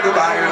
Goodbye.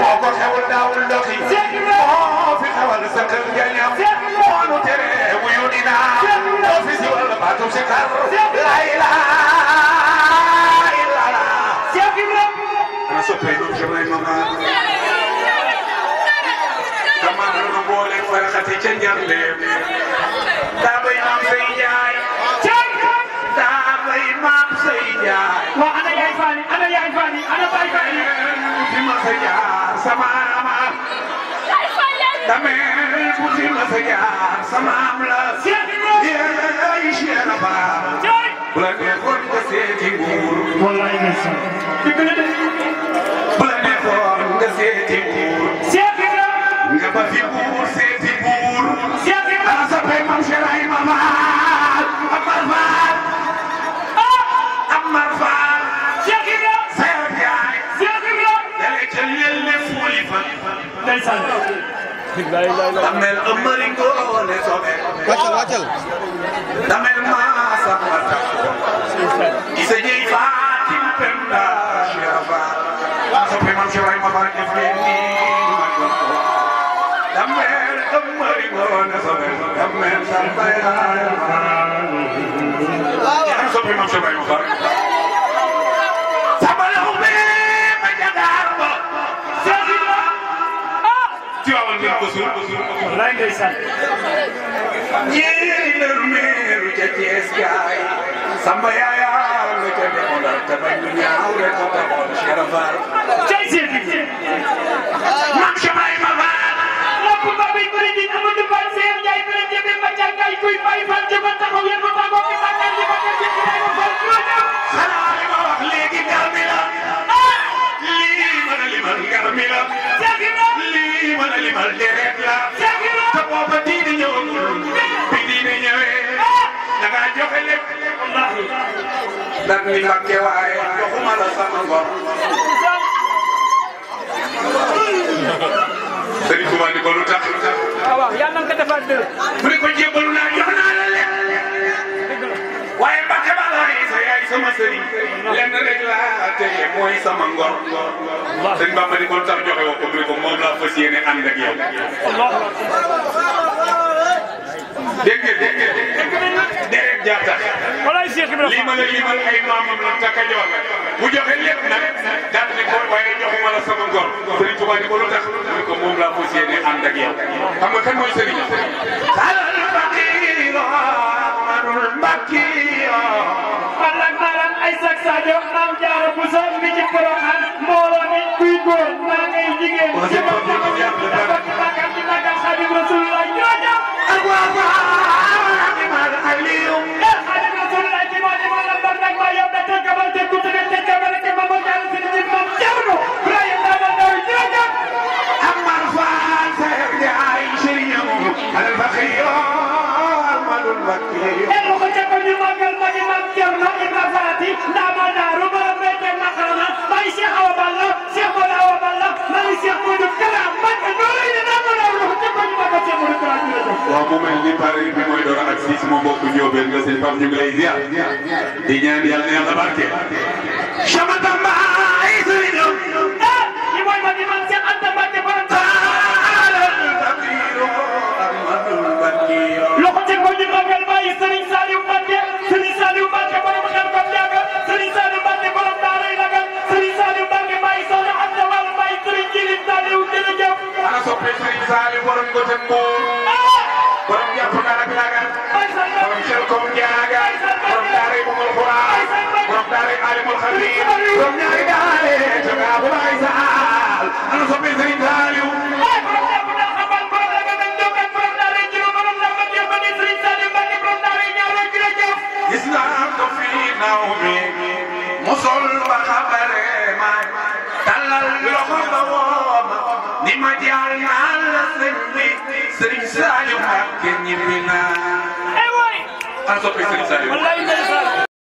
moo ko xewal daawul ndox yi moo fi xewal sa kër jañam moo nu tere wuyu dina moo fi si wàllu baatu si kar laa ilaaha illallah Cheikh Ibrahima ana soppe yi noonu jamay mama dama dama boole faraxati ca njarleem daa bay maam say njaay daa bay maam say njaay waa ana yaay faani ana yaay faani ana baay faani si ma sa jaar sama maam damel bu si ma sa jaar sama maam la yéey Cheikh Ibra Fall bu la neexoon nga seeti nguur wallaay ndeysaan damel amari ngoone sobe waccal waccal damel maasa mata ise jey fatim pemda shirafa sobe mam shiray ma barke flendi damel amari ngoone sobe damel sambaya sobe mam shiray ma barke wallaay ndeysaan ñii la meeru ca Thiès gaay samba yaaya la ca demoon daal te bañ lu ñaaw rek a demoon Cheikh Afar cay seen bi maam Chamaay ma faal lépp ba bi bëri di Amadou Fall Seydou Ndiaye bëri jëmee ma jàngal kuy bàyyi fan jëma taxaw yéen ba tàggoo Dan dag mi Mbàkke waaye joxuma la sama ngor Sëriñ Tuubaa ni ko lu tax lu tax waaw yàlla nga defaat dëgg mu ne ko jébbalu naa jox naa la leen waaye Mbàkke ba la sa yaay sama sëriñ lenn rek sama ko joxe ko ko ak yow dégg ngeen deret jaa tax lii ma la limal ay maamam la takka joor bu joxe lépp nag daal ne ko waaye joxuma la sama ngor Serigne Touba ni ko lu tax mu ko moom laa fas yéene ànd ak yow xam nga kan mooy Serigne xalal faqiiro manul mbakiyo alak maram ay sak sadio am jaara bu sa mi ci Porokhane mbooloo mi kuy góor maa ngay jigéen waaw mu mel ni pare bi mooy door ak si suma mbokk Ndiobène nga sëñ Pape ñu ngi lay ziar di ñaan yàlla na yàlla barke. Chamatamba ay sëriñ ñi eh, mooy ma di man seen Anta Mbacke borom loxo ci ko ñu magal bàyyi sëriñ Saliou Mbacke sëriñ Saliou Mbacke borom xel ko jaaga sëriñ Saliou Mbacke borom daaray lagal sëriñ Saliou Mbacke bàyyi soxna Anta Wàllu bàyyi sëriñ Jilim Saliou jërëjëf ana soppe sëriñ Saliou borom gotem mbuur eh, borom jàpp daara bilaagal borom sel kom jaaga borom daaray umul quraan borom daaray alimul xabiir borom ñaari daale joga bu bay saal ana soppi sëriñ Saaliw islam do fi naw mi musul ba xabare ma talal loxo ba woon ni ma jaar naa la sëñ bi sëriñ Saliou Mbacké ñibbi naa. ay eh waay. an soppee sëriñ Saliou.